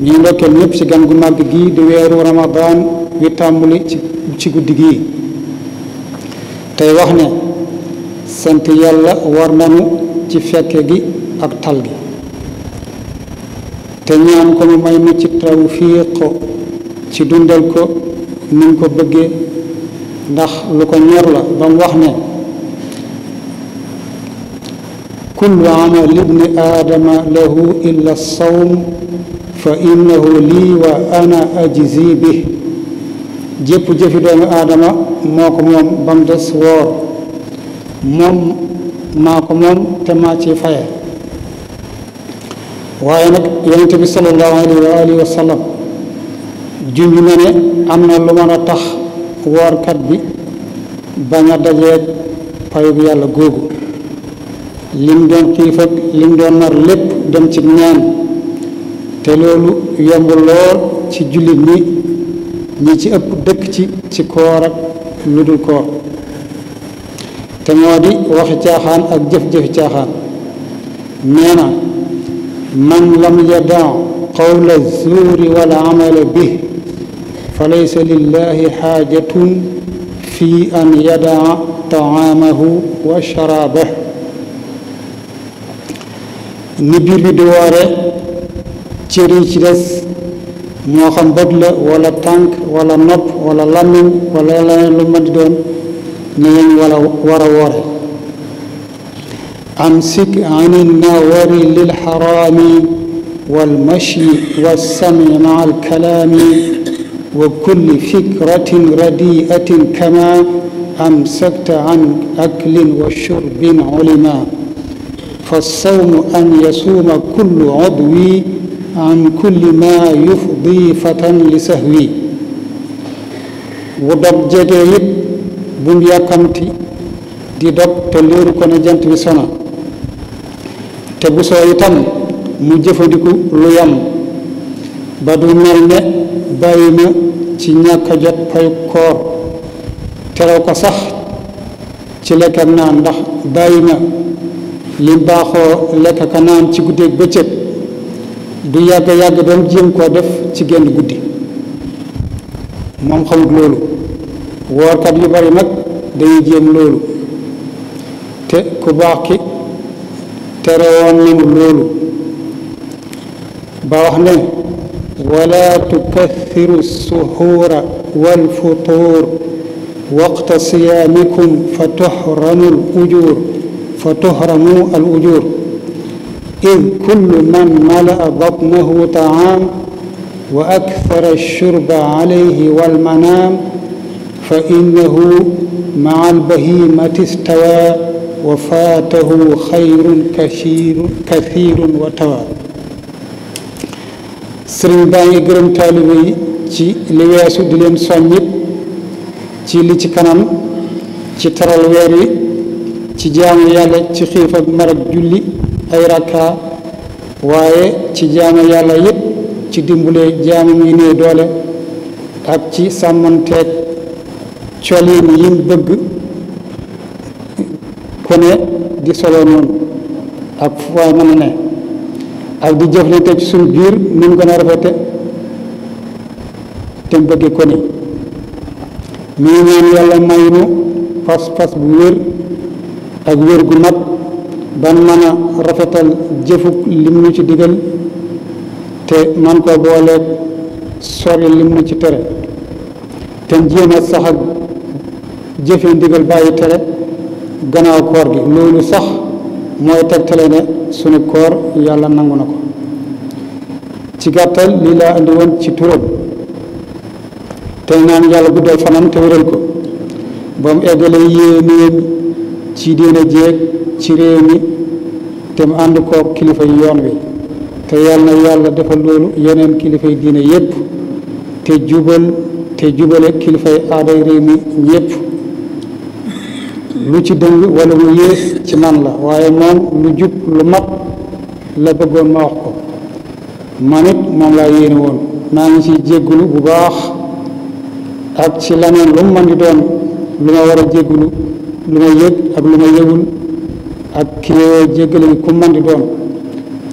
ñu ndokkeel ñëpp ci gan gu màgg gi di weeru ramadan wi tàmbali ci guddi gii tey wax ne sent yàlla war nanu ci fekk gi ak tal gi te ñaan ko mu may nu ci tawfiq ci dundal ko ni ko bëggee ndax lu ko ñor la ba wax ne kullu amal ibni aadama lahu illa sawm fa innahu lii wa ana ajzi bi jépp jëfi doomu aadama moo ko moom ba mu des woor moom maa ko moom te maa ci faye waaye nag yonente bi sallallahu alayhi wa alihi wa na ne am na lu mën a tax woorkat bi bañ a dajeeg payub yàlla googu lim doon xiif ak lim doon nar lépp dem ci neen te loolu yomb lool ci jullit ñi ñi ci ëpp dëkk ci ci koor ak lu dul koor te moo di waxi caaxaan ak jëf-jëfi caaxaan nee na man lam yadan qawla zuuri wala amala bi fa laysa lillahi xaajatun fi an yadaa taamahu wa sharaabahu ni biir bi di woore cër yi ci des ñoo xam bët la wala tànk wala nopp wala làmmiñ wala leneen lu mën di doon ne lañ wala war a woore amsik an nawari lil xaraami wal mashi wal sami maa al kalaami wa kulli fikratin radiatin kama amsakta an aklin wa shurbin ulima fa sawmu an yasuuma kullu udwi an kulli ma yufdi fatan li sahwi bu dog jegee it bum yàkkamti di dog te léeru ko ne jant wi sono te bu soo itam mu jëfandiku lu yam ba du mel ne bàyyi na ci ñàkk a jot payu terew ko sax ci lekk ak naan ndax bàyyi na lim baaxoo lekk ka naan ci guddeeg bëccëg du yàgg yàgg dem mu koo def ci genn guddi moom xamut loolu woorkat yu bari nag dañuy jéem loolu te ku baax ki tere woon nañu loolu ba wax tukathiru suxuura wal futuur waqta siyaamikum fa tuhramu al ujur إذ كل من ملأ بطنه طعام وأكثر الشرب عليه والمنام فإنه مع البهيمة استوى وفاته خير كثير كثير وتوى sëriñ baa ngi gërëm taalibe yi ci li weesu di leen soññit ci li ci kanam ci teral weer wi ci jaamu yàlla ci xiif ak mar ak julli ay rakka waaye ci jaame yàlla yëpp ci dimbule jaamam yi néew doole ak ci sàmmanteeg colin yim bëgg ku ne di solo noonu ak fu waay ak di jëflante ci suñ biir ni mu gën a rafete te mu bëgge ko ni ngi ñaan yàlla may fas fas bu wér ak wér gu mat ban mën a rafetal jëfuk lim nu ci diggal te man ko booleeg sori lim nu ci tere te jéem sax ak jëfe ndigal bàyyi tere gannaaw koor gi loolu sax mooy tegtale ne sunu koor yàlla nangu na ko ci gàttal lii laa andi woon ci turam te naan yàlla guddal fanam te wéral ko ba mu eggale yéenéen ci diine jéeg ci réew mi te mu ànd koog kilifa yi yoon wi te yàlla na yàlla defal loolu yeneen kilifay yi diine yépp te jubal te jubale kilifa yi aaday réew mi ñépp lu ci dëng wala mu yées ci man la waaye moom lu jub lu mat la bëggoon ma wax ko man moom laa yéene woon maa ngi ciy jéggulu bu baax ak ci laneen lu mu mën di doon lu ma war a jéggulu lu ma yëg ak lu ma yëgul ak jéggale ku man di doon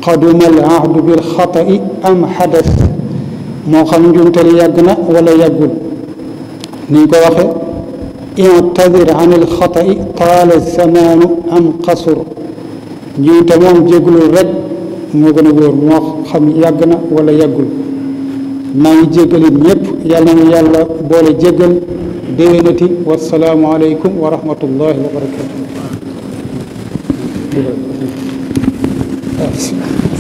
xadumal ahdu bil xatai am xadas moo xam njuumtali yàgg na wala yàggul ni ñu ko an il xatai taala zamaanu am qasur njuumte moom jéggulul rek moo gën a wóor moo xam yàgg na wala yàggul maa ngi jéggali ñëpp yàlla na yàlla boole jéggal déwénati wasalaamu aleykum wa rahmatullahi wa barakatu waaw